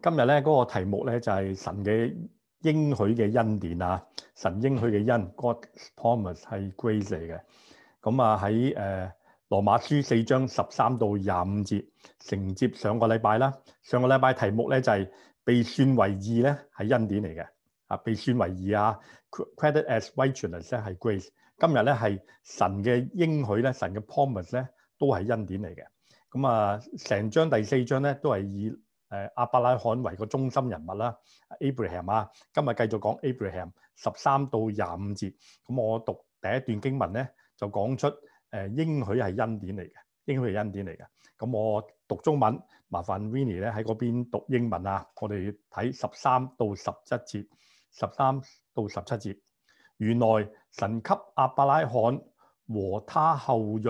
今日咧嗰、這個題目咧就係、是、神嘅應許嘅恩典啊，神應許嘅恩，God’s promise 係 grace 嚟嘅。咁啊喺誒羅馬書四章十三到廿五節承接上個禮拜啦。上個禮拜嘅題目咧就係、是、被算為義咧係恩典嚟嘅，啊被算為義啊 credited as righteousness 係 grace。今日咧係神嘅應許咧，神嘅 promise 咧都係恩典嚟嘅。咁、嗯、啊成章第四章咧都係以誒亞伯拉罕為個中心人物啦，Abraham 啊，今日繼續講 Abraham 十三到廿五節，咁我讀第一段經文咧，就講出誒應許係恩典嚟嘅，應許係恩典嚟嘅。咁我讀中文，麻煩 Winnie 咧喺嗰邊讀英文啊，我哋睇十三到十七節，十三到十七節，原來神給阿伯拉罕和他後裔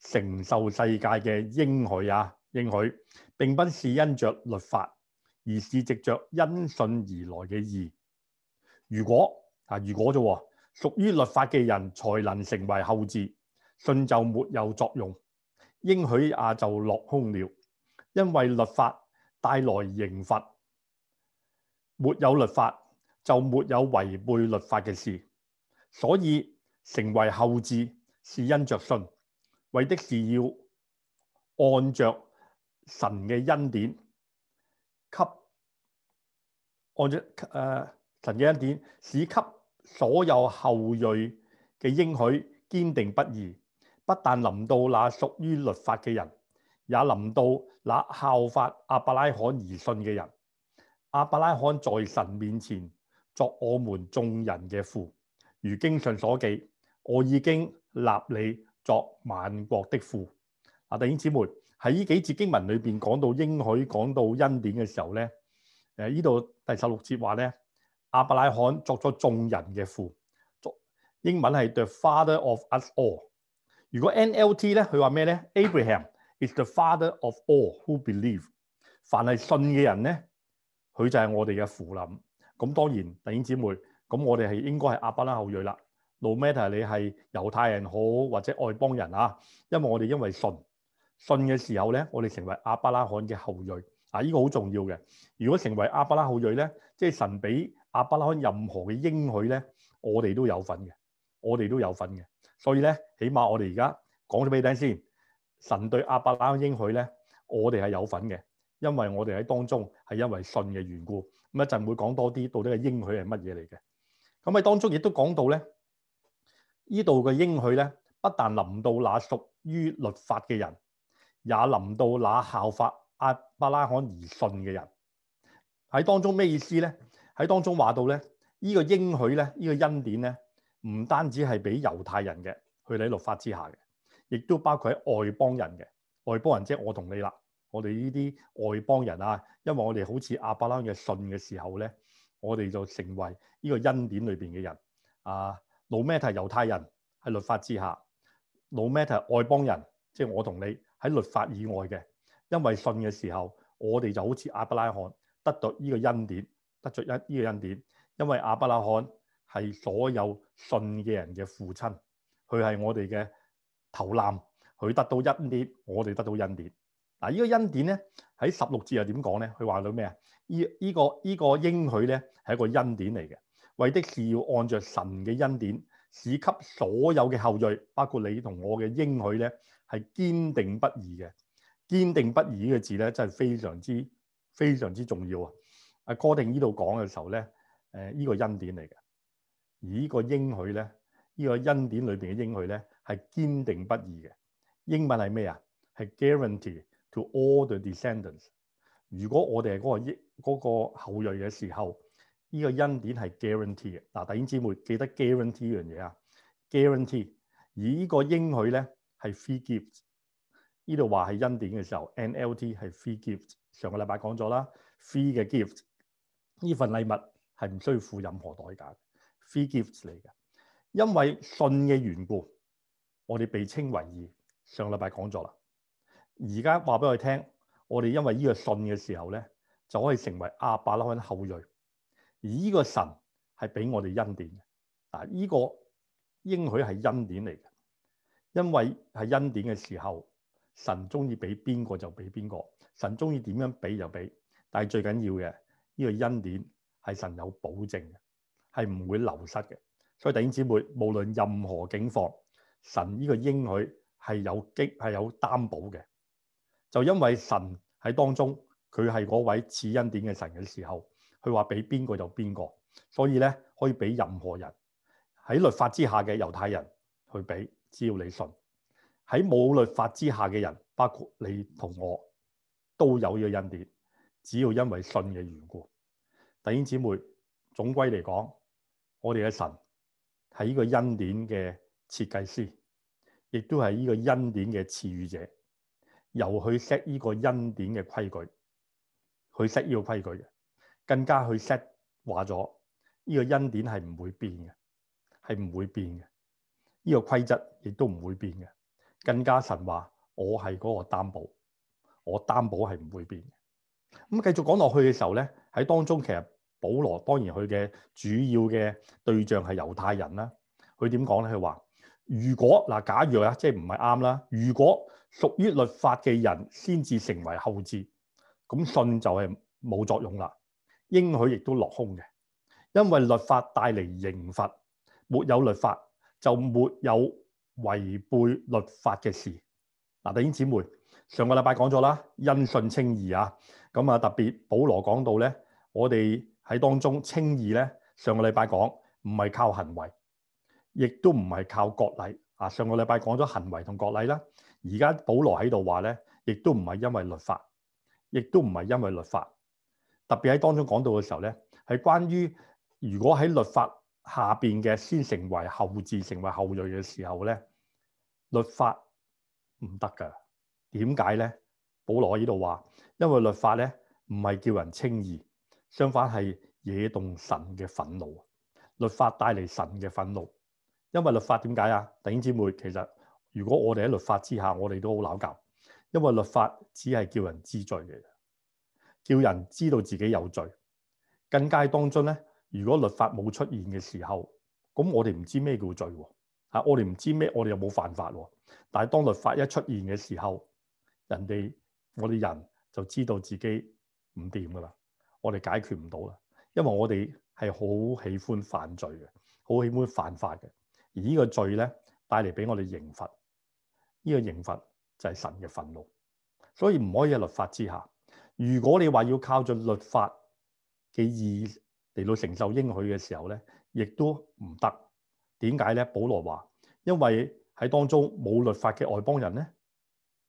承受世界嘅應許啊！應許並不是因着律法，而是藉着因信而來嘅義。如果啊，如果啫，屬於律法嘅人才能成為後嗣，信就沒有作用，應許也就落空了。因為律法帶來刑罰，沒有律法就沒有違背律法嘅事，所以成為後嗣是因着信，為的是要按着神嘅恩典，給按照誒神嘅恩典，使給所有後裔嘅應許堅定不移。不但臨到那屬於律法嘅人，也臨到那效法亞伯拉罕而信嘅人。亞伯拉罕在神面前作我們眾人嘅父，如經上所記：我已經立你作萬國的父。阿、啊、弟兄姊妹。喺呢幾節經文裏邊講到應許、講到恩典嘅時候咧，誒呢度第十六節話咧，亞伯拉罕作咗眾人嘅父作，英文係 the father of us all。如果 NLT 咧，佢話咩咧？Abraham is the father of all who believe 凡，凡係信嘅人咧，佢就係我哋嘅父林。咁當然弟兄姊妹，咁我哋係應該係亞伯拉罕後裔啦。No matter 你係猶太人好或者外邦人啊，因為我哋因為信。信嘅時候咧，我哋成為阿伯拉罕嘅後裔，啊，呢個好重要嘅。如果成為阿伯拉罕後裔咧，即係神俾亞伯拉罕任何嘅應許咧，我哋都有份嘅，我哋都有份嘅。所以咧，起碼我哋而家講咗俾你聽先，神對阿伯拉罕應許咧，我哋係有份嘅，因為我哋喺當中係因為信嘅緣故。咁一陣會講多啲到底係應許係乜嘢嚟嘅。咁喺當中亦都講到咧，許呢度嘅應許咧，不但臨到那屬於律法嘅人。也臨到那效法阿伯拉罕而信嘅人。喺當中咩意思咧？喺當中話到咧，呢個應許咧，呢個恩典咧，唔單止係俾猶太人嘅，佢哋喺律法之下嘅，亦都包括喺外邦人嘅。外邦人即係我同你啦，我哋呢啲外邦人啊，因為我哋好似阿伯拉罕嘅信嘅時候咧，我哋就成為呢個恩典裏邊嘅人。啊，冇咩提猶太人喺律法之下，冇咩提外邦人，即係我同你，喺律法以外嘅，因為信嘅時候，我哋就好似亞伯拉罕得到呢個恩典，得到一呢個恩典。因為亞伯拉罕係所有信嘅人嘅父親，佢係我哋嘅頭攬，佢得到恩典，我哋得到恩典。嗱，呢個恩典咧喺十六節又點講咧？佢話到咩啊？呢、呢、呢個呢、呢個應許咧係一個恩典嚟嘅，為的是要按著神嘅恩典，使給所有嘅後裔，包括你同我嘅應許咧。係堅定不移嘅。堅定不移呢個字咧，真係非常之非常之重要啊！阿哥定呢度講嘅時候咧，誒、呃、依、這個個，這個恩典嚟嘅，而呢個應許咧，呢個恩典裏邊嘅應許咧係堅定不移嘅。英文係咩啊？係 guarantee to all the descendants。如果我哋係嗰個億嗰、那個、後裔嘅時候，呢、這個恩典係 guarantee 嘅嗱、啊。弟兄姊妹記得 guarantee 呢樣嘢啊，guarantee。Guarantee, 而呢個應許咧。係 free gift，呢度話係恩典嘅時候，NLT 係 free gift。上個禮拜講咗啦，free 嘅 gift，呢份禮物係唔需要付任何代價嘅，free gifts 嚟嘅。因為信嘅緣故，我哋被稱為義。上個禮拜講咗啦，而家話俾我哋聽，我哋因為呢個信嘅時候咧，就可以成為亞伯拉罕後裔。而呢個神係俾我哋恩典嘅，啊，呢個應許係恩典嚟。因為係恩典嘅時候，神中意俾邊個就俾邊個，神中意點樣俾就俾。但係最緊要嘅呢個恩典係神有保證嘅，係唔會流失嘅。所以弟兄姊妹，無論任何境況，神呢個應許係有激係有擔保嘅。就因為神喺當中佢係嗰位賜恩典嘅神嘅時候，佢話俾邊個就邊個，所以咧可以俾任何人喺律法之下嘅猶太人去俾。只要你信，喺冇律法之下嘅人，包括你同我，都有呢個恩典。只要因為信嘅緣故，弟兄姊妹，總歸嚟講，我哋嘅神係呢個恩典嘅設計師，亦都係呢個恩典嘅賜予者，由佢 set 呢個恩典嘅規矩，佢 set 呢個規矩嘅，更加去 set 話咗呢個恩典係唔會變嘅，係唔會變嘅。呢個規則亦都唔會變嘅，更加神話。我係嗰個擔保，我擔保係唔會變嘅。咁繼續講落去嘅時候咧，喺當中其實保羅當然佢嘅主要嘅對象係猶太人啦。佢點講咧？佢話：如果嗱，假如啊，即係唔係啱啦。如果屬於律法嘅人先至成為後嗣，咁信就係冇作用啦，應許亦都落空嘅，因為律法帶嚟刑罰，沒有律法，就沒有違背律法嘅事。嗱，弟兄姊妹，上個禮拜講咗啦，因信稱義啊。咁啊，特別保羅講到咧，我哋喺當中稱義咧，上個禮拜講唔係靠行為，亦都唔係靠割禮啊。上個禮拜講咗行為同割禮啦。而家保羅喺度話咧，亦都唔係因為律法，亦都唔係因為律法。特別喺當中講到嘅時候咧，係關於如果喺律法。下邊嘅先成為後字，成為後裔嘅時候咧，律法唔得噶。點解咧？保羅喺呢度話，因為律法咧唔係叫人稱義，相反係惹動神嘅憤怒。律法帶嚟神嘅憤怒，因為律法點解啊？弟兄姊妹，其實如果我哋喺律法之下，我哋都好鬧教，因為律法只係叫人知罪嘅，叫人知道自己有罪。更加當中咧。如果律法冇出現嘅時候，咁我哋唔知咩叫罪喎，啊啊，我哋唔知咩，我哋又冇犯法喎，啊。但係當律法一出現嘅時候，人哋我哋人就知道自己唔掂噶啦，我哋解決唔到啦，因為我哋係好喜歡犯罪嘅，好喜歡犯法嘅。而呢個罪咧，帶嚟俾我哋刑罰，呢、呢個刑罰就係神嘅憤怒，所以唔可以喺律法之下。如果你話要靠著律法嘅意。嚟到承受應許嘅時候咧，亦都唔得。點解咧？保羅話：因為喺當中冇律法嘅外邦人咧，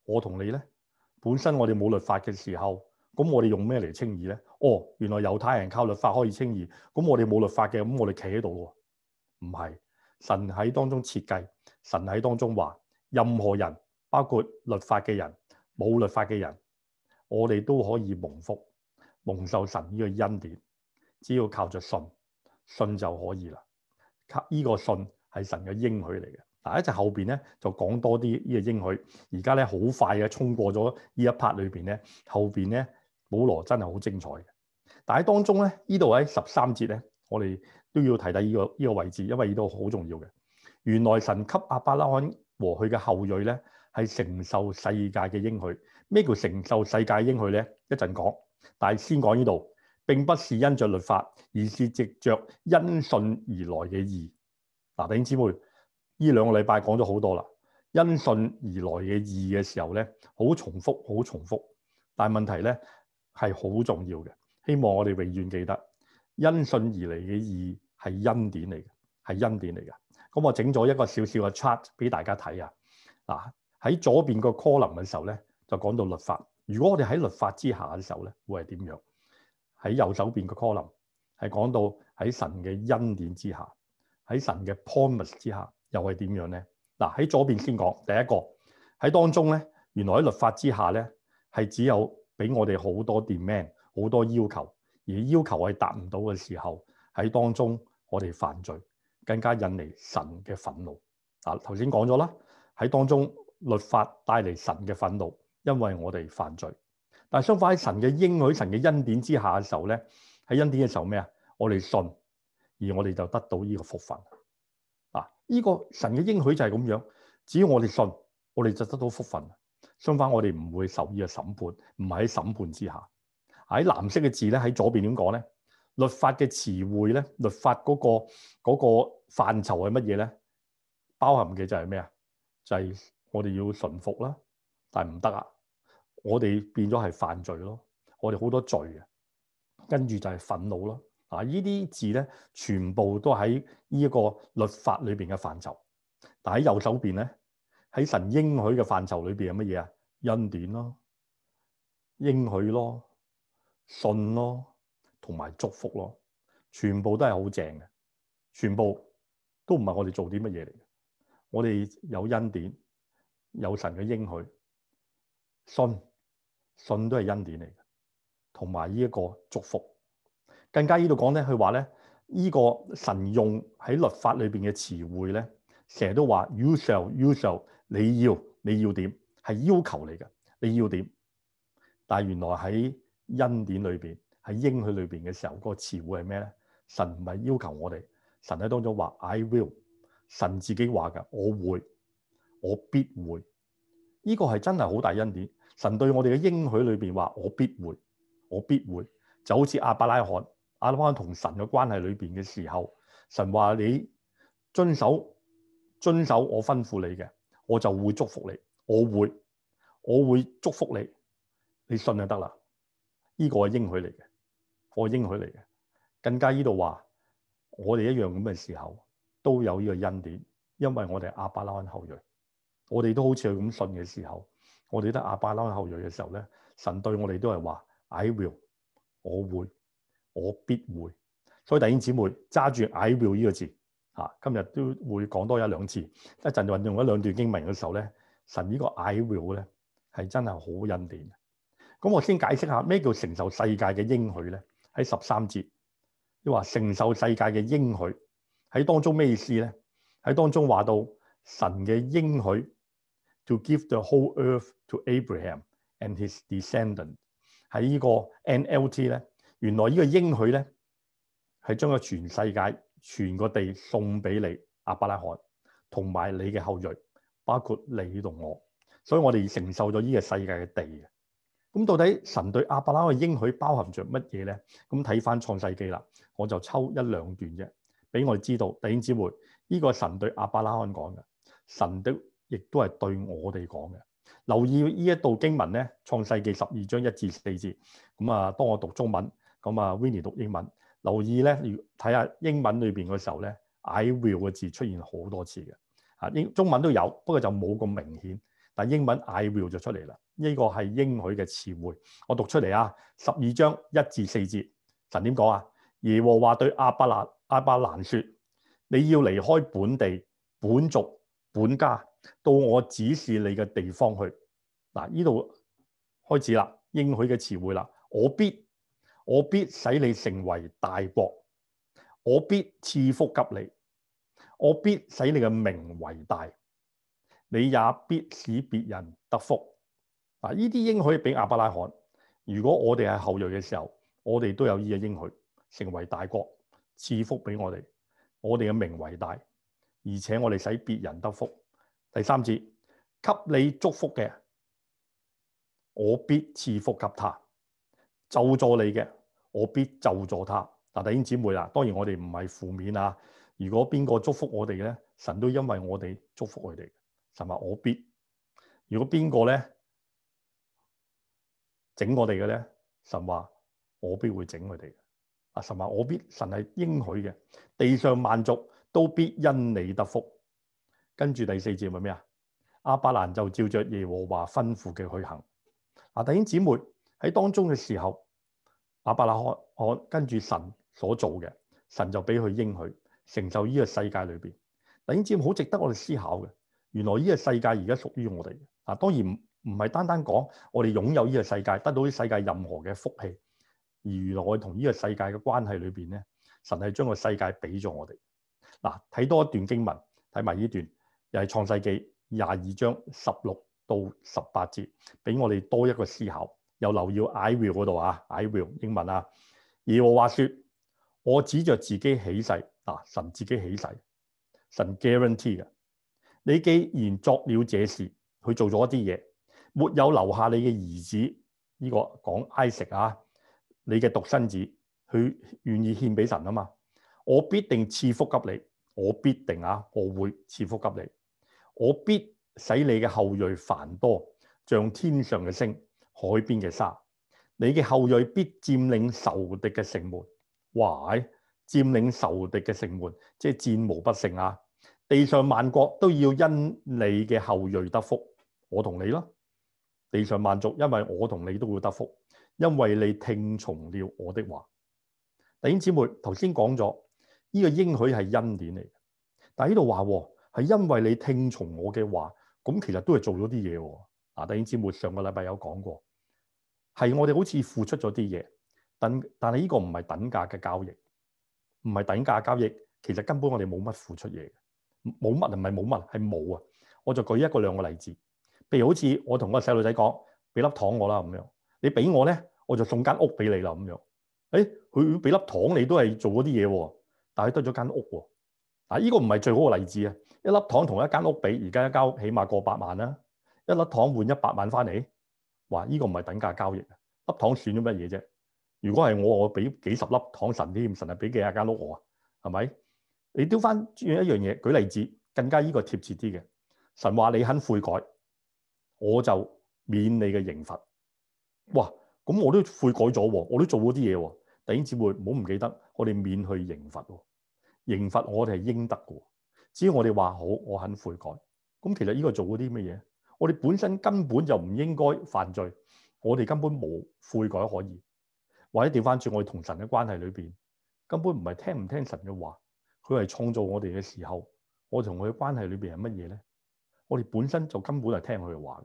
我同你咧，本身我哋冇律法嘅時候，咁我哋用咩嚟稱義咧？哦，原來猶太人靠律法可以稱義，咁我哋冇律法嘅，咁我哋企喺度喎，唔係。神喺當中設計，神喺當中話，任何人，包括律法嘅人，冇律法嘅人，我哋都可以蒙福，蒙受神呢個恩典。只要靠着信，信就可以啦。靠依個信係神嘅應許嚟嘅。但一陣後邊咧就講多啲呢個應許。而家咧好快嘅衝過咗呢一 part 裏邊咧，後邊咧保羅真係好精彩嘅。但係當中咧，呢度喺十三節咧，我哋都要提下呢個呢個位置，因為呢度好重要嘅。原來神給亞伯拉罕和佢嘅後裔咧係承受世界嘅應許。咩叫承受世界嘅應許咧？一陣講。但係先講呢度。並不是因着律法，而是藉着因信而來嘅義。嗱、呃，弟兄姊妹，呢兩個禮拜講咗好多啦。因信而來嘅義嘅時候咧，好重複，好重複。但係問題咧，係好重要嘅。希望我哋永遠記得，因信而嚟嘅義係恩典嚟嘅，係恩典嚟嘅。咁、嗯、我整咗一個少少嘅 chart 俾大家睇啊。嗱、呃，喺左邊個 column 嘅時候咧，就講到律法。如果我哋喺律法之下嘅時候咧，會係點樣？喺右手邊嘅 column 係講到喺神嘅恩典之下，喺神嘅 promise 之下，又係點樣咧？嗱，喺左邊先講，第一個喺當中咧，原來喺律法之下咧，係只有俾我哋好多 demand，好多要求，而要求係達唔到嘅時候，喺當中我哋犯罪，更加引嚟神嘅憤怒。啊，頭先講咗啦，喺當中律法帶嚟神嘅憤怒，因為我哋犯罪。但係相反喺神嘅應許、神嘅恩典之下嘅時候咧，喺恩典嘅時候咩啊？我哋信，而我哋就得到呢個福分。啊，呢個神嘅應許就係咁樣，只要我哋信，我哋就得到福分。相反，我哋唔會受呢個審判，唔係喺審判之下。喺藍色嘅字咧，喺左邊點講咧？律法嘅詞彙咧，律法嗰個嗰個範疇係乜嘢咧？包含嘅就係咩啊？就係我哋要順服啦，但係唔得啊。我哋變咗係犯罪咯，我哋好多罪啊，跟住就係憤怒咯。啊，呢啲字咧，全部都喺呢一個律法裏邊嘅範疇。但喺右手邊咧，喺神應許嘅範疇裏邊係乜嘢啊？恩典咯，應許咯，信咯，同埋祝福咯，全部都係好正嘅，全部都唔係我哋做啲乜嘢嚟嘅。我哋有恩典，有神嘅應許，信。信都係恩典嚟嘅，同埋呢一個祝福，更加呢度講咧，佢話咧呢個神用喺律法裏邊嘅詞彙咧，成日都話 you shall, you shall, 你要你要點，係要求你嘅，你要點。但係原來喺恩典裏邊，喺英語裏邊嘅時候，個詞彙係咩咧？神唔係要求我哋，神喺當中話 I will，神自己話噶，我會，我必會。呢個係真係好大恩典。神對我哋嘅應許裏邊話：我必會，我必會，就好似阿伯拉罕、亞伯拉罕同神嘅關係裏邊嘅時候，神話你遵守、遵守我吩咐你嘅，我就會祝福你，我會，我會祝福你，你信就得啦。呢、這個係應許嚟嘅，我、係、應許嚟嘅。更加依度話，我哋一樣咁嘅時候都有呢個恩典，因為我哋係亞伯拉罕後裔，我哋都好似咁信嘅時候。我哋得阿巴拉後裔嘅時候咧，神對我哋都係話 I will，我會，我必會。所以弟兄姊妹揸住 I will 呢個字，吓今日都會講多一兩次。一陣運用一兩段經文嘅時候咧，神呢個 I will 咧係真係好恩典。咁我先解釋下咩叫承受世界嘅應許咧？喺十三節，你係話承受世界嘅應許喺當中咩意思咧？喺當中話到神嘅應許。To give the whole earth to Abraham and his descendant，喺呢個 NLT 咧，原來呢個應許咧，係將個全世界、全個地送俾你阿伯拉罕同埋你嘅後裔，包括你同我，所以我哋承受咗呢個世界嘅地。咁到底神對阿伯拉罕嘅應許包含着乜嘢咧？咁睇翻創世記啦，我就抽一兩段啫，俾我哋知道。弟兄姊妹，呢、呢個神對阿伯拉罕講嘅神的。神亦都係對我哋講嘅。留意呢一道經文咧，《創世記》十二章一至四節。咁啊，當我讀中文，咁啊 Winnie 讀英文。留意咧，你睇下英文裏邊嘅時候咧，I will 嘅字出現好多次嘅。啊，英中文都有，不過就冇咁明顯。但英文 I will 就出嚟啦。呢、這個係應許嘅詞彙。我讀出嚟啊，《十二章一至四節》，神點講啊？耶和華對亞伯拿、亞伯蘭說：你要離開本地、本族、本家。到我指示你嘅地方去。嗱，呢度開始啦。應許嘅詞彙啦，我必我必使你成為大國，我必賜福給你，我必使你嘅名為大，你也必使別人得福嗱。呢啲應許俾亞伯拉罕。如果我哋係後裔嘅時候，我哋都有呢個應許，成為大國，賜福俾我哋，我哋嘅名為大，而且我哋使別人得福。第三節，給你祝福嘅，我必賜福給他；咒詛你嘅，我必咒詛他。嗱，弟兄姊妹啦，當然我哋唔係負面啊。如果邊個祝福我哋咧，神都因為我哋祝福佢哋。神話我必，如果邊個咧整我哋嘅咧，神話我必會整佢哋。啊，神話我必，神係應許嘅，地上萬族都必因你得福。跟住第四節係咩啊？亞伯蘭就照着耶和華吩咐嘅去行。嗱，弟兄姊妹喺當中嘅時候，亞伯拉罕跟住神所做嘅，神就俾佢應許承受呢個世界裏邊。弟兄姊妹，好值得我哋思考嘅，原來呢個世界而家屬於我哋。嗱，當然唔唔係單單講我哋擁有呢個世界，得到呢世界任何嘅福氣，而原來我哋同呢個世界嘅關係裏邊咧，神係將個世界俾咗我哋。嗱，睇多一段經文，睇埋呢段。又係創世記廿二章十六到十八節，俾我哋多一個思考。又留意 I will 嗰度啊，I will 英文啊。耶和華說：我指着自己起誓，嗱、啊，神自己起誓，神 guarantee 嘅。你既然作了這事，去做咗一啲嘢，沒有留下你嘅兒子呢、這個講 Isaac 啊，你嘅獨生子，佢願意獻俾神啊嘛。我必定賜福給你，我必定啊，我會賜福給你。我必使你嘅後裔繁多，像天上嘅星、海邊嘅沙。你嘅後裔必佔領仇敵嘅城門，哇！佔領仇敵嘅城門，即係戰無不勝啊！地上萬國都要因你嘅後裔得福，我同你咯。地上萬族，因為我同你都會得福，因為你聽從了我的話。弟兄姊妹，頭先講咗呢個應許係恩典嚟，但係呢度話。係因為你聽從我嘅話，咁其實都係做咗啲嘢喎。啊，弟兄姊妹，上個禮拜有講過，係我哋好似付出咗啲嘢，等但係呢個唔係等價嘅交易，唔係等價交易，其實根本我哋冇乜付出嘢嘅，冇乜唔係冇乜係冇啊！我就舉一個兩個例子，譬如好似我同個細路仔講，俾粒糖我啦咁樣，你俾我咧，我就送間屋俾你啦咁樣。誒、欸，佢俾粒糖你都係做咗啲嘢喎，但係佢得咗間屋喎。嗱、啊，呢、這個唔係最好嘅例子啊！一粒糖同一間屋比，而家一間屋起碼過百萬啦，啊，一粒糖換一百萬翻嚟，話呢，這個唔係等價交易啊！粒糖算咗乜嘢啫？如果係我，我俾幾十粒糖神添，神啊俾幾啊間屋我啊，係咪？你丟翻轉一樣嘢，舉例子更加呢個貼切啲嘅。神話你肯悔改，我就免你嘅刑罰。哇，咁我都悔改咗，我都做咗啲嘢。弟兄姊妹唔好唔記得，我哋免去刑罰，刑罰我哋係應得嘅。只要我哋話好，我肯悔改。咁其實呢個做嗰啲乜嘢？我哋本身根本就唔應該犯罪，我哋根本冇悔改可以。或者調翻轉，我哋同神嘅關係裏邊根本唔係聽唔聽神嘅話。佢係創造我哋嘅時候，我同佢嘅關係裏邊係乜嘢咧？我哋本身就根本係聽佢嘅話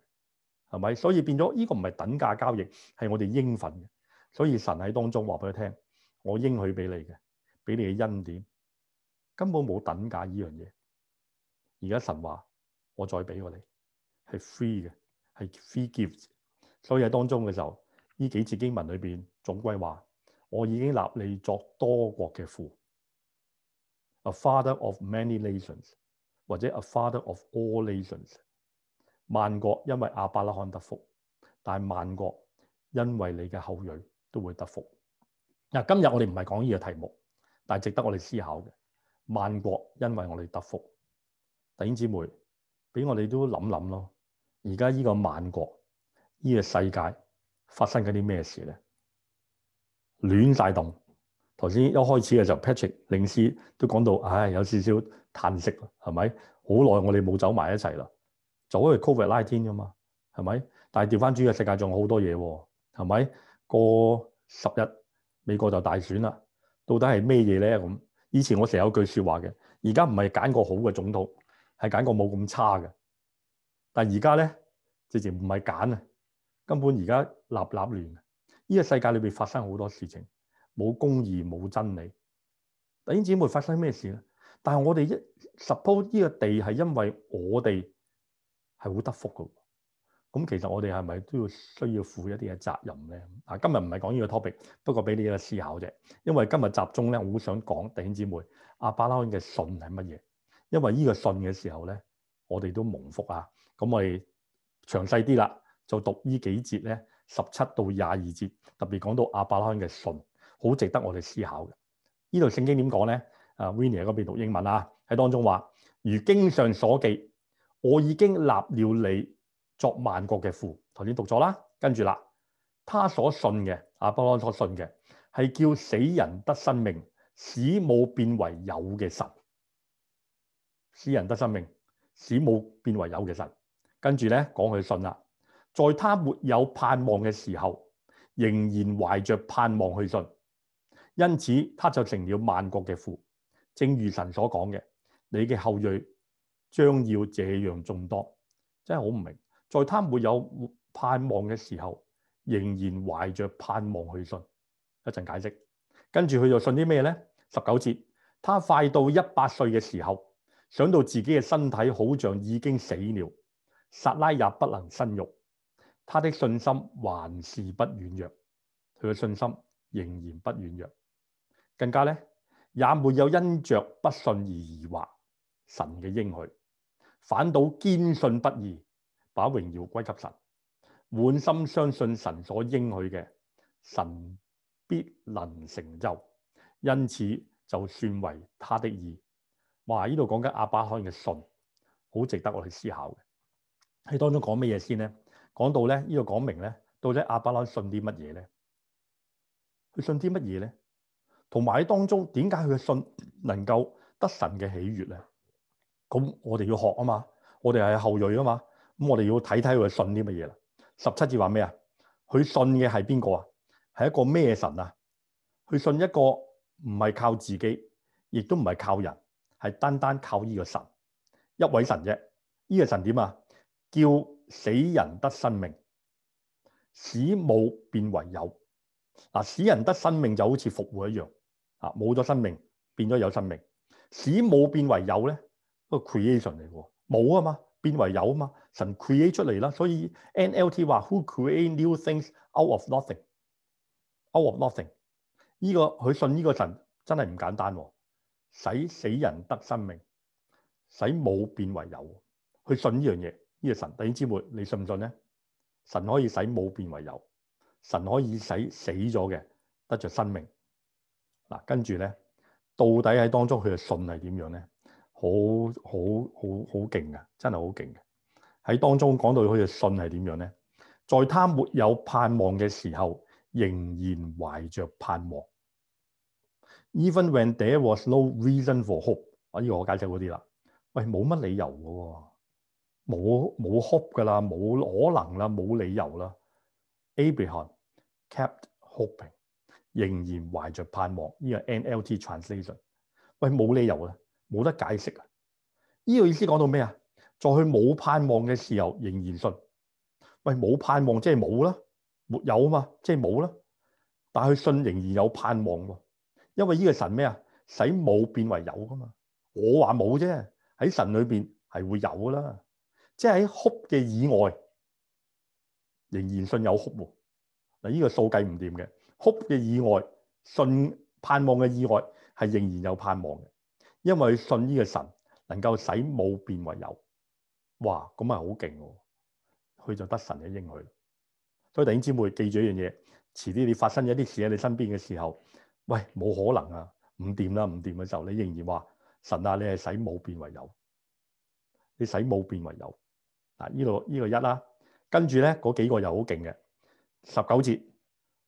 嘅，係咪？所以變咗呢個唔係等價交易，係我哋應份嘅。所以神喺當中話俾佢聽：我應許俾你嘅，俾你嘅恩典，根本冇等價依樣嘢。而家神話，我再俾過你，係 free 嘅，係 free gift。所以喺當中嘅時候，呢幾次經文裏邊總歸話，我已經立你作多國嘅父，a father of many nations，或者 a father of all nations。萬國因為亞伯拉罕得福，但係萬國因為你嘅後裔都會得福。嗱，今日我哋唔係講呢個題目，但係值得我哋思考嘅。萬國因為我哋得福。弟姐妹，俾我哋都諗諗咯。而家依個萬國，依、這個世界發生緊啲咩事呢？亂曬動。頭先一開始嘅候 Patrick 領事都講到，唉，有少少嘆息了，係咪？好耐我哋冇走埋一齊啦。就好似 Covid nineteen 嘛，係咪？但係調翻轉嘅世界仲好多嘢喎，係咪？過十日美國就大選啦，到底係咩嘢呢？以前我成有句説話嘅，而家唔係揀個好嘅總統。係揀過冇咁差嘅，但係而家咧，直情唔係揀啊，根本而家立立亂。呢個世界裏邊發生好多事情，冇公義，冇真理。弟兄姊妹發生咩事咧？但係我哋一 suppose 呢個地係因為我哋係好得福嘅，咁其實我哋係咪都要需要負一啲嘅責任咧？啊，今日唔係講呢個 topic，不過俾你一個思考啫。因為今日集中咧，我好想講弟兄姊妹，阿巴拉嘅信係乜嘢？因為呢個信嘅時候咧，我哋都蒙福啊！咁我哋詳細啲啦，就讀呢幾節咧，十七到廿二節，特別講到阿伯拉罕嘅信，好值得我哋思考嘅。呢度聖經點講咧？啊，Winnie 喺嗰邊讀英文啊，喺當中話：如經上所記，我已經立了你作萬國嘅父。頭先讀咗啦，跟住啦，他所信嘅，阿伯拉罕所信嘅，係叫死人得生命，使冇變為有嘅神。使人得生命，使冇變為有嘅神。跟住咧講佢信啦，在他沒有盼望嘅時候，仍然懷着盼望去信，因此他就成了萬國嘅父。正如神所講嘅，你嘅後裔將要這樣眾多。真係好唔明，在他沒有盼望嘅時候，仍然懷着盼望去信。一陣解釋，跟住佢就信啲咩咧？十九節，他快到一百歲嘅時候。想到自己嘅身體好像已經死了，撒拉也不能生育，他的信心還是不軟弱，佢嘅信心仍然不軟弱，更加呢，也沒有因着不信而疑惑神嘅應許，反倒堅信不疑，把榮耀歸給神，滿心相信神所應許嘅，神必能成就，因此就算為他的義。哇！呢度講緊亞伯拉罕嘅信，好值得我去思考嘅。喺當中講咩嘢先咧？講到咧，呢度講明咧，到底亞伯拉罕信啲乜嘢咧？佢信啲乜嘢咧？同埋喺當中點解佢嘅信能夠得神嘅喜悦咧？咁我哋要學啊嘛，我哋係後裔啊嘛，咁我哋要睇睇佢嘅信啲乜嘢啦。十七節話咩啊？佢信嘅係邊個啊？係一個咩神啊？佢信一個唔係靠自己，亦都唔係靠人。係單單靠依個神，一位神啫。依、這個神點啊？叫死人得生命，使冇變為有。嗱，使人得生命就好似復活一樣。啊，冇咗生命變咗有生命，使冇變為有咧，個 creation 嚟喎，冇啊嘛，變為有啊嘛，神 create 出嚟啦。所以 NLT 話：Who create new things out of nothing？Out of nothing，呢、這個佢信呢個神真係唔簡單、啊。使死人得生命，使冇變為有，去信呢樣嘢，呢係神第一之末，你信唔信咧？神可以使冇變為有，神可以使死咗嘅得着生命。嗱、啊，跟住咧，到底喺當中佢嘅信係點樣咧？好好好好勁噶，真係好勁嘅。喺當中講到佢嘅信係點樣咧？在他沒有盼望嘅時候，仍然懷着盼望。Even when there was no reason for hope，啊，呢個我解釋嗰啲啦。喂，冇乜理由喎，冇冇 hope 噶啦，冇可能啦，冇理由啦。Abraham kept hoping，仍然懷着盼望。呢個 NLT translation，喂，冇理由嘅，冇得解釋啊。呢個意思講到咩啊？在佢冇盼望嘅時候，仍然信。喂，冇盼望即係冇啦，沒有啊嘛，即係冇啦。但係佢信，仍然有盼望喎。因為呢個神咩啊，使冇變為有噶嘛。我話冇啫，喺神裏邊係會有噶啦。即係喺哭嘅以外，仍然信有哭喎。嗱，呢個數計唔掂嘅，哭嘅以外，信盼望嘅以外，係仍然有盼望嘅。因為信呢個神，能夠使冇變為有。哇，咁啊好勁，佢就得神嘅應許。所以弟兄姊妹記住一樣嘢，遲啲你發生一啲事喺你身邊嘅時候。喂，冇可能啊！唔掂啦，唔掂嘅時候，你仍然話神啊，你係使冇變為有，你使冇變為有嗱，啊呢個呢個一，啊、呢度呢個一啦，跟住咧嗰幾個又好勁嘅。十九節，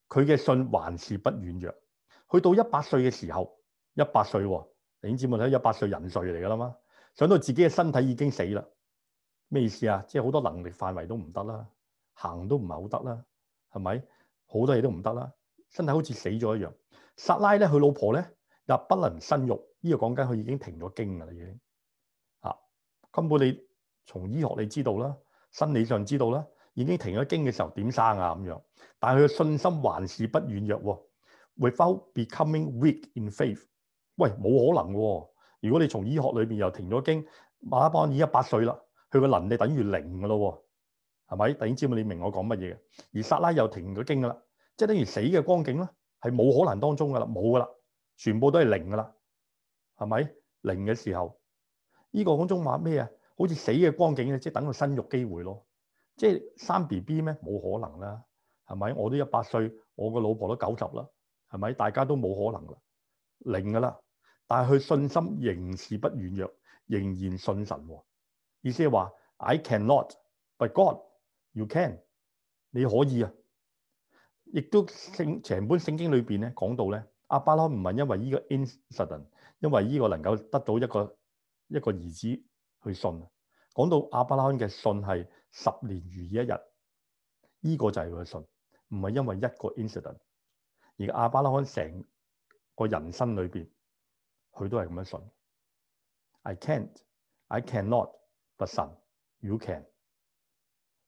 佢嘅信還是不軟弱。去到一百歲嘅時候，一百歲喎，你知冇睇一百歲人歲嚟噶啦嘛？想到自己嘅身體已經死啦，咩意思啊？即係好多能力範圍都唔得啦，行都唔係好得啦，係咪？好多嘢都唔得啦，身體好似死咗一樣。撒拉咧，佢老婆咧又不能生育，呢、這個講緊佢已經停咗經噶啦，已經啊根本你從醫學你知道啦，生理上知道啦，已經停咗經嘅時候點生啊咁樣？但係佢嘅信心還是不軟弱、哦、，without becoming weak in faith。喂，冇可能嘅。如果你從醫學裏邊又停咗經，馬拉邦已經一百歲啦，佢個能力等於零噶啦，係咪？等於知唔知你明我講乜嘢嘅？而撒拉又停咗經噶啦，即係等於死嘅光景啦。係冇可能當中㗎啦，冇㗎啦，全部都係零㗎啦，係咪零嘅時候？呢、這個空中話咩啊？好似死嘅光景咧、就是，即係等佢生育機會咯，即係生 B B 咩？冇可能啦，係咪？我都一百歲，我個老婆都九十啦，係咪？大家都冇可能啦，零㗎啦。但係佢信心仍是不軟弱，仍然信神喎、哦。意思係話 I cannot，but God, you can，你可以啊。亦都聖成本聖經裏邊咧講到咧，亞伯拉罕唔係因為呢個 incident，因為呢個能夠得到一個一個兒子去信。講到亞伯拉罕嘅信係十年如一日，呢個就係佢嘅信，唔係因為一個 incident。而亞伯拉罕成個人生裏邊，佢都係咁樣信。I can't，I cannot 不信，You can。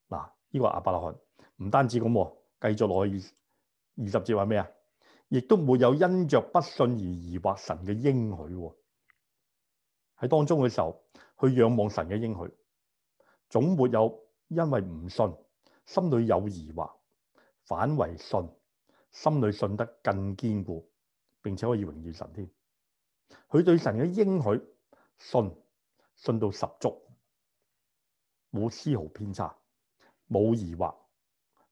嗱，呢個亞伯拉罕唔單止咁。繼續落去二十節話咩啊？亦都沒有因着不信而疑惑神嘅應許喎。喺當中嘅時候，去仰望神嘅應許，總沒有因為唔信，心裏有疑惑，反為信，心裏信得更堅固，並且可以榮耀神添。佢對神嘅應許信信，到十足，冇絲毫偏差，冇疑惑。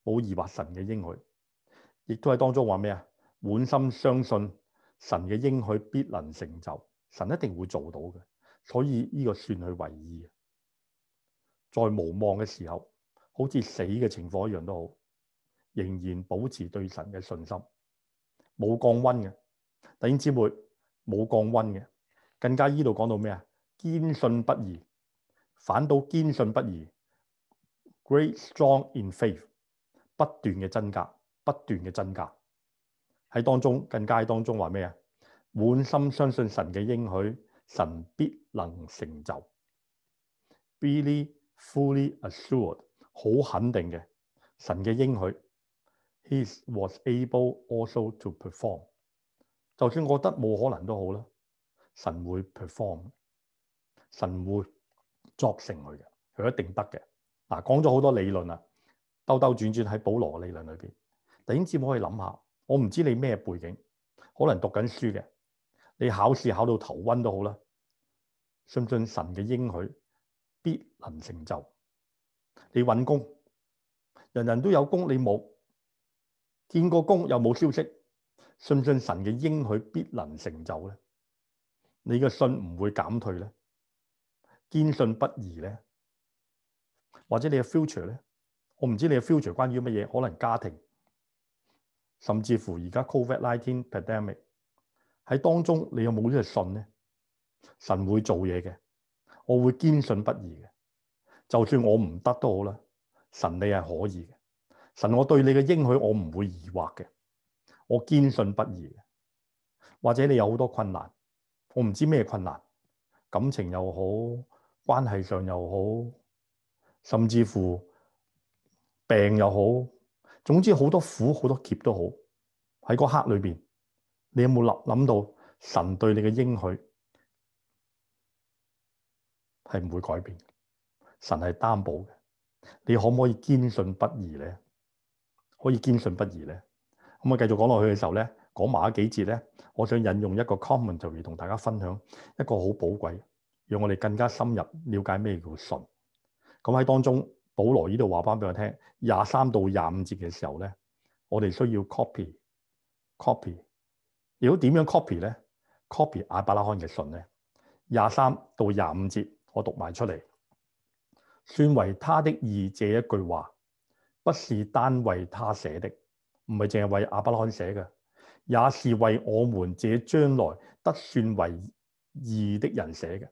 冇疑惑神嘅應許，亦都係當中話咩啊？滿心相信神嘅應許必能成就，神一定會做到嘅。所以呢個算佢為義。在無望嘅時候，好似死嘅情況一樣都好，仍然保持對神嘅信心，冇降溫嘅。弟兄姊妹冇降溫嘅，更加呢度講到咩啊？堅信不疑，反倒堅信不疑，Great strong in faith。不斷嘅增加，不斷嘅增加喺當中，更加當中話咩啊？滿心相信神嘅應許，神必能成就。Being fully assured，好肯定嘅神嘅應許。He was able also to perform，就算我覺得冇可能都好啦，神會 perform，神會作成佢嘅，佢一定得嘅。嗱，講咗好多理論啊。兜兜轉轉喺保羅嘅理論裏邊，突然之可以諗下。我唔知你咩背景，可能讀緊書嘅，你考試考到頭暈都好啦。信唔信神嘅應許必能成就？你揾工，人人都有工，你冇，見過工又冇消息，信唔信神嘅應許必能成就咧？你嘅信唔會減退咧？堅信不疑咧？或者你嘅 future 咧？我唔知你嘅 future 關於乜嘢，可能家庭，甚至乎而家 Covid 19 pandemic 喺當中，你有冇呢個信呢？神會做嘢嘅，我會堅信不疑嘅。就算我唔得都好啦，神你係可以嘅。神我對你嘅應許，我唔會疑惑嘅，我堅信不疑嘅。或者你有好多困難，我唔知咩困難，感情又好，關係上又好，甚至乎。病又好，總之好多苦好多劫都好，喺嗰刻裏面，你有冇諗諗到神對你嘅應許係唔會改變的？神係擔保嘅，你可唔可以堅信不疑呢？可以堅信不疑呢？我、嗯、啊，繼續講落去嘅時候完呢，講埋嗰幾節咧，我想引用一個 commentary 同大家分享一個好寶貴，讓我哋更加深入了解咩叫信。咁、嗯、喺當中。保羅呢度話翻俾我聽，廿三到廿五節嘅時候咧，我哋需要 copy，copy。如果點樣 copy 咧，copy 阿伯拉罕嘅信咧，廿三到廿五節我讀埋出嚟，算為他的義，這一句話，不是單為他寫的，唔係淨係為阿伯拉罕寫嘅，也是為我們這將來得算為義的人寫嘅，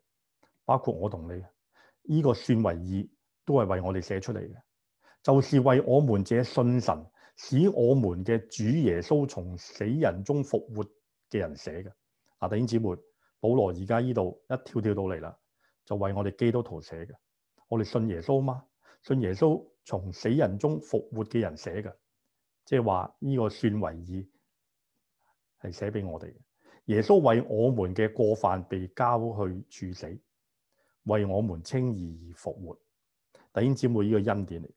包括我同你，呢個算為義。都係為我哋寫出嚟嘅，就是為我們這信神使我們嘅主耶穌從死人中復活嘅人寫嘅。啊，弟兄姊妹，保羅而家呢度一跳跳到嚟啦，就為我哋基督徒寫嘅。我哋信耶穌嘛？信耶穌從死人中復活嘅人寫嘅，即係話呢個算為義，係寫俾我哋嘅。耶穌為我們嘅過犯被交去處死，為我們稱義而復活。弟兄姊妹，依個恩典嚟，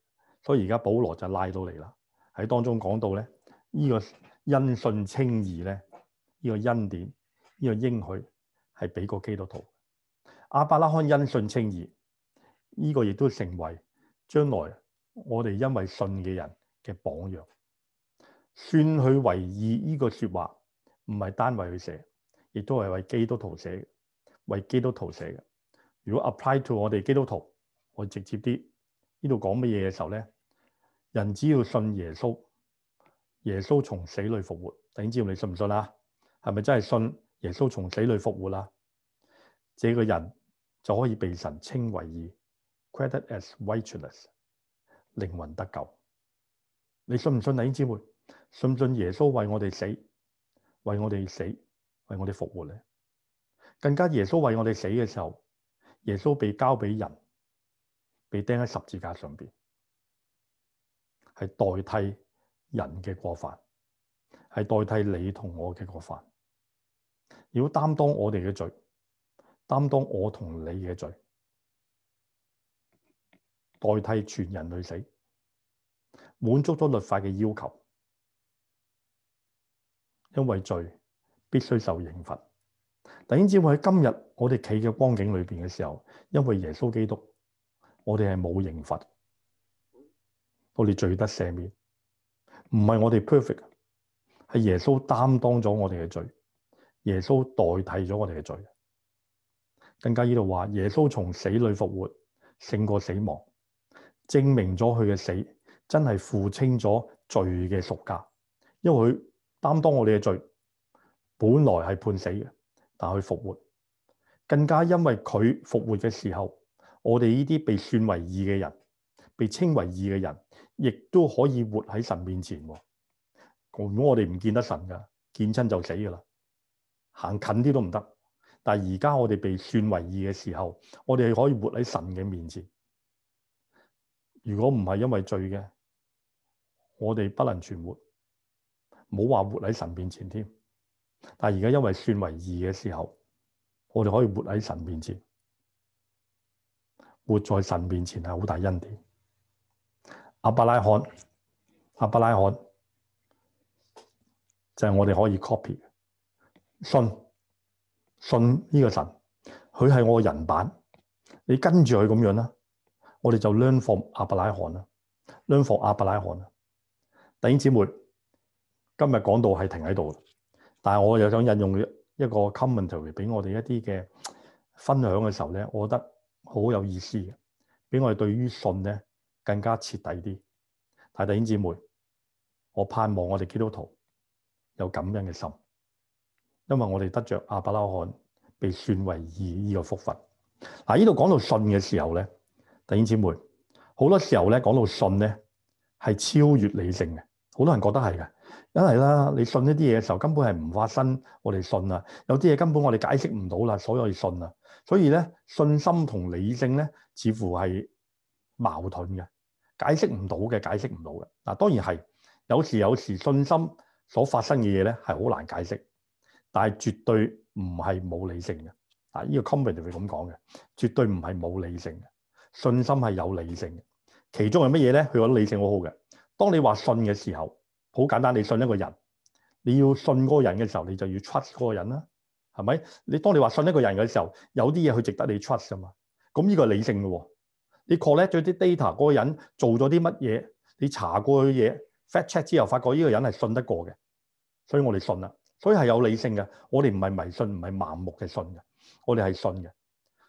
所以而家保羅就拉到嚟啦，喺當中講到咧，呢個因信稱義咧，依個恩典，呢個應許係俾個基督徒。亞伯拉罕因信稱義，呢個亦都成為將來我哋因為信嘅人嘅榜樣。算佢為義呢個説話，唔係單為佢寫，亦都係為基督徒寫嘅，為基督徒寫嘅。如果 apply to 我哋基督徒。我直接啲呢度講乜嘢嘅時候咧，人只要信耶穌，耶穌從死裏復活。弟兄姊妹，你信唔信啊？係咪真係信耶穌從死裏復活啦？這個人就可以被神稱為義 （credited as r i g t e o u s 靈魂得救。你信唔信？弟兄姊妹，信唔信耶穌為我哋死，為我哋死，為我哋復活咧？更加耶穌為我哋死嘅時候，耶穌被交俾人。你釘喺十字架上邊，係代替人嘅過犯，係代替你同我嘅過犯，要擔當我哋嘅罪，擔當我同你嘅罪，代替全人類死，滿足咗律法嘅要求，因為罪必須受刑罰。但係點知喺今日我哋企嘅光景裏邊嘅時候，因為耶穌基督。我哋係冇刑罰，我哋罪得赦免，唔係我哋 perfect，係耶穌擔當咗我哋嘅罪，耶穌代替咗我哋嘅罪。更加呢度話，耶穌從死裏復活，勝過死亡，證明咗佢嘅死真係付清咗罪嘅贖價，因為佢擔當我哋嘅罪，本來係判死嘅，但佢復活。更加因為佢復活嘅時候。我哋呢啲被算為義嘅人，被稱為義嘅人，亦都可以活喺神面前。如果我哋唔見得神噶，見親就死噶啦，行近啲都唔得。但係而家我哋被算為義嘅時候，我哋可以活喺神嘅面前。如果唔係因為罪嘅，我哋不能存活，冇話活喺神面前添。但係而家因為算為義嘅時候，我哋可以活喺神面前。活在神面前係好大恩典。阿伯拉罕，阿伯拉罕就係、是、我哋可以 copy 嘅，信信呢個神，佢係我個人版，你跟住佢咁樣啦，我哋就 learn from 阿伯拉罕啦，learn from 阿伯拉罕啦。弟兄姊妹，今日講道係停喺度，但係我又想引用一個 commentary 俾我哋一啲嘅分享嘅時候咧，我覺得。好有意思嘅，俾我哋對於信咧更加徹底啲。弟兄姐妹，我盼望我哋基督徒有感恩嘅心，因為我哋得着亞伯拉罕被算為義呢個福分。嗱，呢度講到信嘅時候咧，弟兄姐妹，好多時候咧講到信咧係超越理性嘅。好多人覺得係嘅，因為啦，你信呢啲嘢嘅時候，根本係唔發生，我哋信啦。有啲嘢根本我哋解釋唔到啦，所以我哋信啦。所以咧，信心同理性咧，似乎係矛盾嘅，解釋唔到嘅，解釋唔到嘅。嗱，當然係，有時有時信心所發生嘅嘢咧，係好難解釋，但係絕對唔係冇理性嘅。嗱、啊，依、這個 comment 就係咁講嘅，絕對唔係冇理性嘅，信心係有理性嘅。其中有乜嘢咧？佢覺得理性好好嘅。當你話信嘅時候，好簡單。你信一個人，你要信嗰個人嘅時候，你就要 trust 嗰個人啦，係咪？你當你話信一個人嘅時候，有啲嘢佢值得你 trust 㗎嘛？咁呢個理性咯喎、哦。你 collect 咗啲 data，嗰個人做咗啲乜嘢？你查過嘅嘢 fact check 之後，發覺呢個人係信得過嘅，所以我哋信啦。所以係有理性嘅。我哋唔係迷信，唔係盲目嘅信嘅。我哋係信嘅。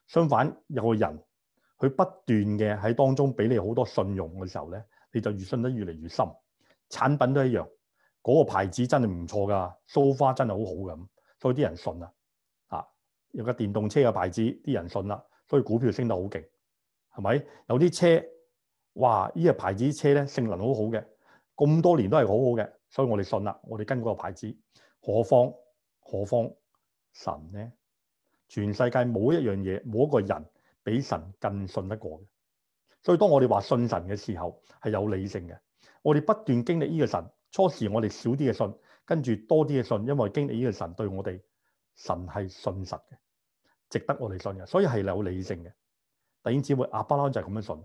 相反，有個人佢不斷嘅喺當中俾你好多信用嘅時候咧。你就越信得越嚟越深，產品都一樣，嗰個牌子真係唔錯噶，so far 真係好好咁，所以啲人信啦，啊，有個電動車嘅牌子，啲人信啦，所以股票升得好勁，係咪？有啲車，哇！呢個牌子車咧，性能好好嘅，咁多年都係好好嘅，所以我哋信啦，我哋跟嗰個牌子，何況何況神咧？全世界冇一樣嘢，冇一個人比神更信得過。所以當我哋話信神嘅時候，係有理性嘅。我哋不斷經歷呢個神，初時我哋少啲嘅信，跟住多啲嘅信，因為經歷呢個神對我哋神係信實嘅，值得我哋信嘅。所以係有理性嘅。弟兄姊妹，阿伯拉罕就係咁樣信，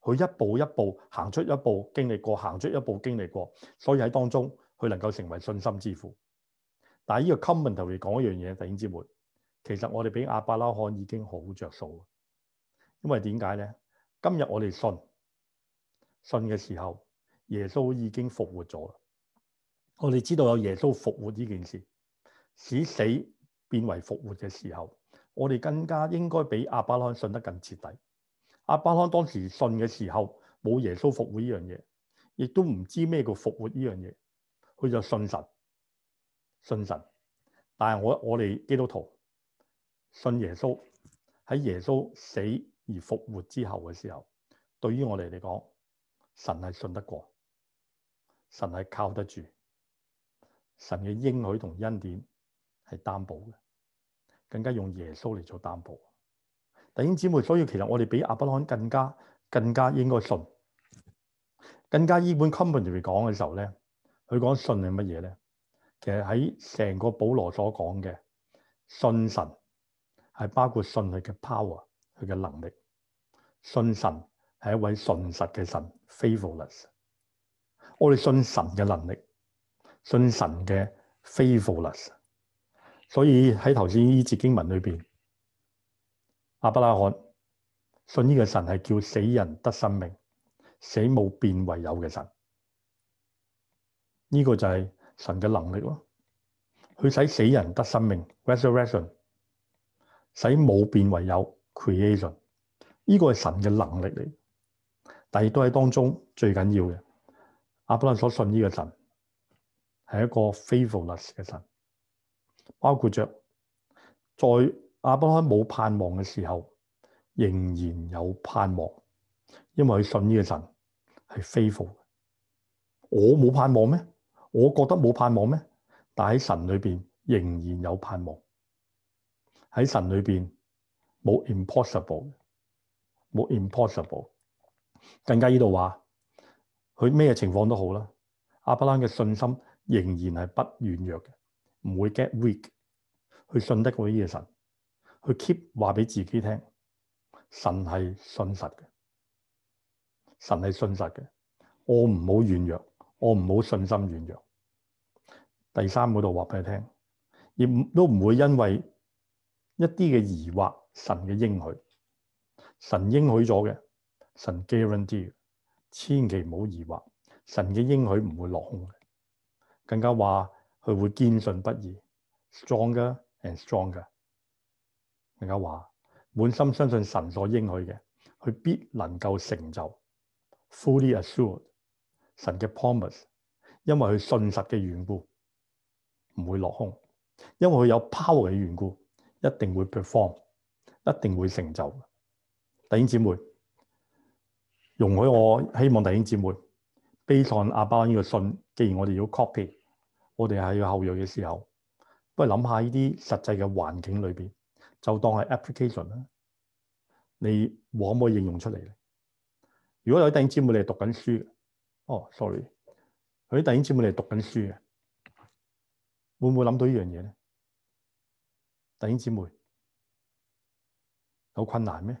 佢一步一步行出一步經歷過，行出一步經歷過，所以喺當中佢能夠成為信心之父。但係呢個 comment 頭先講一樣嘢，弟兄姊妹，其實我哋比阿伯拉罕已經好着數，因為點解咧？今日我哋信信嘅時候，耶穌已經復活咗啦。我哋知道有耶穌復活呢件事，使死變為復活嘅時候，我哋更加應該比阿巴朗信得更徹底。阿巴朗當時信嘅時候，冇耶穌復活呢樣嘢，亦都唔知咩叫復活呢樣嘢，佢就信神信神。但係我我哋基督徒信耶穌喺耶穌死。而復活之後嘅時候，對於我哋嚟講，神係信得過，神係靠得住，神嘅應許同恩典係擔保嘅，更加用耶穌嚟做擔保。弟兄姊妹，所以其實我哋比阿伯拉罕更加更加應該信。更加依本 community 講嘅時候咧，佢講信係乜嘢咧？其實喺成個保羅所講嘅信神係包括信佢嘅 power，佢嘅能力。信神係一位信實嘅神，faithfulness。我哋信神嘅能力，信神嘅 faithfulness。所以喺頭先呢節經文裏邊，阿伯拉罕信呢個神係叫死人得生命，死冇變為有嘅神。呢、這個就係神嘅能力咯，去使死人得生命，resurrection，使冇變為有，creation。呢個係神嘅能力嚟，但亦都係當中最緊要嘅。亞伯拉罕所信呢個神係一個 faithfulness 嘅神，包括着在亞伯拉罕冇盼望嘅時候，仍然有盼望，因為佢信呢個神係 faithful。我冇盼望咩？我覺得冇盼望咩？但喺神裏邊仍然有盼望，喺神裏邊冇 impossible。impossible，更加呢度話佢咩情況都好啦，阿伯拉嘅信心仍然係不軟弱嘅，唔會 get weak。去信得過嗰啲嘢神，去 keep 話俾自己聽，神係信實嘅，神係信實嘅。我唔好軟弱，我唔好信心軟弱。第三嗰度話俾你聽，亦都唔會因為一啲嘅疑惑神嘅應許。神應許咗嘅，神 guarantee 㗎。千祈唔好疑惑，神嘅應許唔會落空嘅。更加話佢會堅信不疑，stronger and stronger。更加話滿心相信神所應許嘅，佢必能夠成就，fully assured 神嘅 promise，因為佢信實嘅緣故唔會落空，因為佢有 power 嘅緣故，一定會 perform，一定會成就。弟兄姊妹，容許我希望弟兄姊妹背誦阿巴呢個信。既然我哋要 copy，我哋係要效用嘅時候，不如諗下呢啲實際嘅環境裏邊，就當係 application 啦。你可唔可以應用出嚟咧？如果有啲弟兄姊妹你係讀緊書，哦，sorry，有啲弟兄姊妹你係讀緊書嘅，會唔會諗到一樣嘢咧？弟兄姊妹，有困難咩？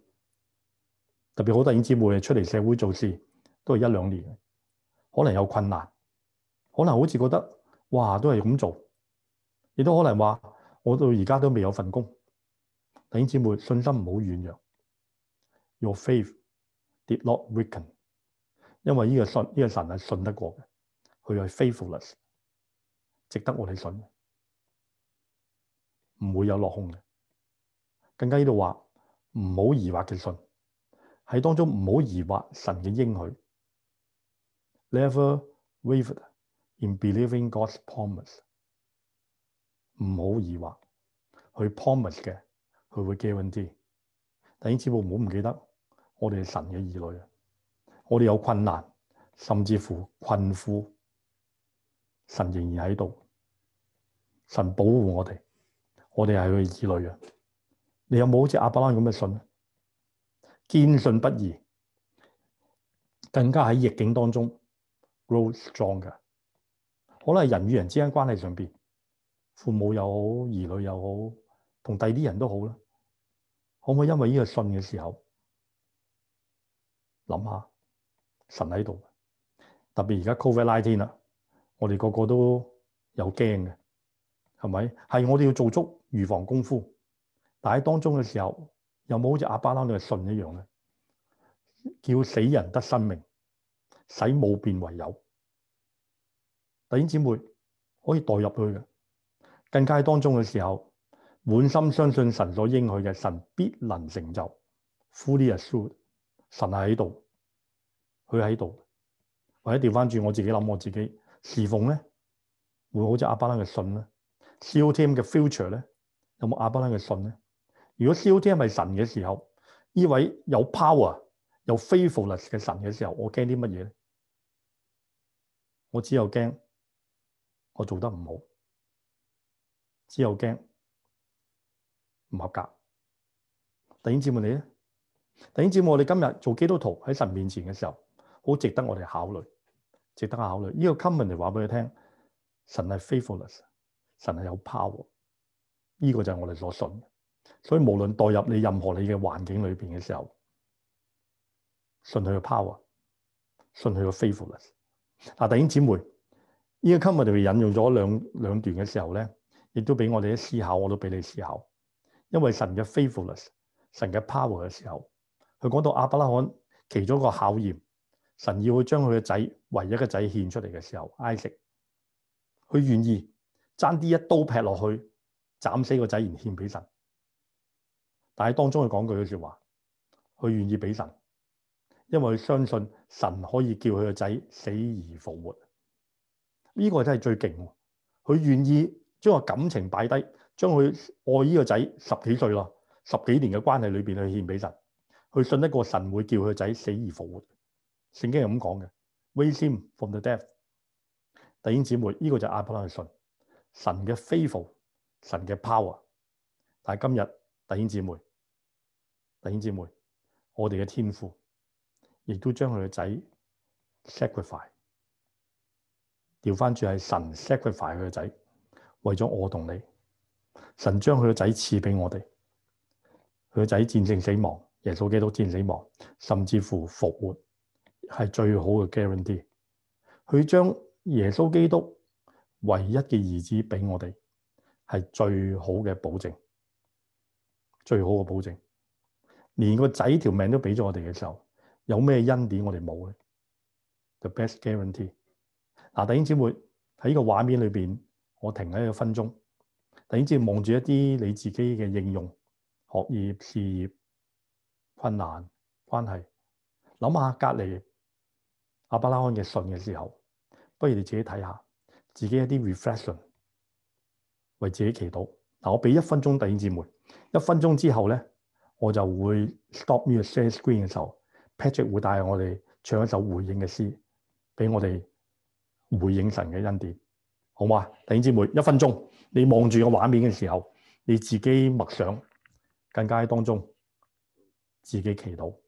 特別好，弟兄姊妹出嚟社會做事都係一兩年，可能有困難，可能好似覺得哇，都係咁做，亦都可能話我到而家都未有份工。弟兄姊妹信心唔好軟弱，Your faith did not weaken，因為呢個信呢個神係、這個、信得過嘅，佢係 faithfulness 值得我哋信的，唔會有落空嘅。更加呢度話唔好疑惑嘅信。喺當中唔好疑惑神嘅應許，never waver in believing God's promise。唔好疑惑，佢 promise 嘅，佢會 guarantee。但因此，我唔好唔記得，我哋係神嘅兒女啊！我哋有困難，甚至乎困苦，神仍然喺度，神保護我哋，我哋係佢子女啊！你有冇好似亞伯拉罕咁嘅信？堅信不疑，更加喺逆境當中 grow strong 嘅。可能係人與人之間關係上邊，父母又好，兒女又好，同第二啲人都好啦。可唔可以因為依個信嘅時候，諗下神喺度？特別而家 COVID-19 啦，我哋個個都有驚嘅，係咪？係我哋要做足預防功夫，但喺當中嘅時候。有冇好似阿巴拉嘅信一樣咧？叫死人得生命，使冇變為有。弟兄姊妹可以代入去嘅，更加當中嘅時候，滿心相信神所應許嘅，神必能成就。Fully assured，神喺度，佢喺度。或者調翻轉，我自己諗，我自己侍奉咧，會好似阿巴拉嘅信咧？COTM 嘅 future 咧，有冇阿巴拉嘅信咧？如果 C.O.T 係咪神嘅時候，呢位有 power、有 faithfulness 嘅神嘅時候，我驚啲乜嘢咧？我只有驚我做得唔好，只有驚唔合格。弟兄姊妹你咧，弟兄姊妹，我哋今日做基督徒喺神面前嘅時候，好值得我哋考慮，值得考慮。呢、這個 comment 嚟話俾你聽，神係 faithfulness，神係有 power，呢個就係我哋所信。所以無論代入你任何你嘅環境裏邊嘅時候，信佢嘅 power，信佢嘅 faithfulness。啊，弟兄姊妹，呢一 chapter 我哋引用咗兩兩段嘅時候咧，亦都俾我哋一思考，我都俾你思考。因為神嘅 faithfulness，神嘅 power 嘅時候，佢講到阿伯拉罕其中一個考驗，神要佢將佢嘅仔唯一嘅仔獻出嚟嘅時候，Isaac，佢願意爭啲一刀劈落去斬死個仔而獻俾神。但係當中，佢講句嘅說話，佢願意俾神，因為佢相信神可以叫佢個仔死而復活。呢個真係最勁，佢願意將個感情擺低，將佢愛呢個仔十幾歲啦，十幾年嘅關係裏邊去獻俾神，去信一個神會叫佢個仔死而復活。聖經係咁講嘅 Resurrection from the death。弟兄姊妹，呢個就係阿伯拉去信神嘅 faithful，神嘅 power 但。但係今日。弟兄姐妹，弟兄姐妹，我哋嘅天父，亦都將佢嘅仔 sacrifice，調翻轉係神 sacrifice 佢嘅仔，為咗我同你，神將佢嘅仔賜俾我哋，佢嘅仔戰勝死亡，耶穌基督戰勝死亡，甚至乎復活，係最好嘅 guarantee。佢將耶穌基督唯一嘅兒子俾我哋，係最好嘅保證。最好嘅保證，連個仔條命都俾咗我哋嘅時候，有咩恩典我哋冇呢？The best guarantee。嗱，弟兄姊妹喺呢個畫面裏面，我停喺一分鐘。弟兄姊妹望住一啲你自己嘅應用、學業、事業困難、關係，諗下隔離亞伯拉罕嘅信嘅時候，不如你自己睇下，自己一啲 reflection，為自己祈禱。我俾一分鐘弟兄姊妹，一分鐘之後呢，我就會 stop me share screen 嘅時候，Patrick 會帶我哋唱一首回應嘅詩，俾我哋回應神嘅恩典，好嗎？弟兄姊妹，一分鐘，你望住個畫面嘅時候，你自己默想，更加喺當中自己祈禱。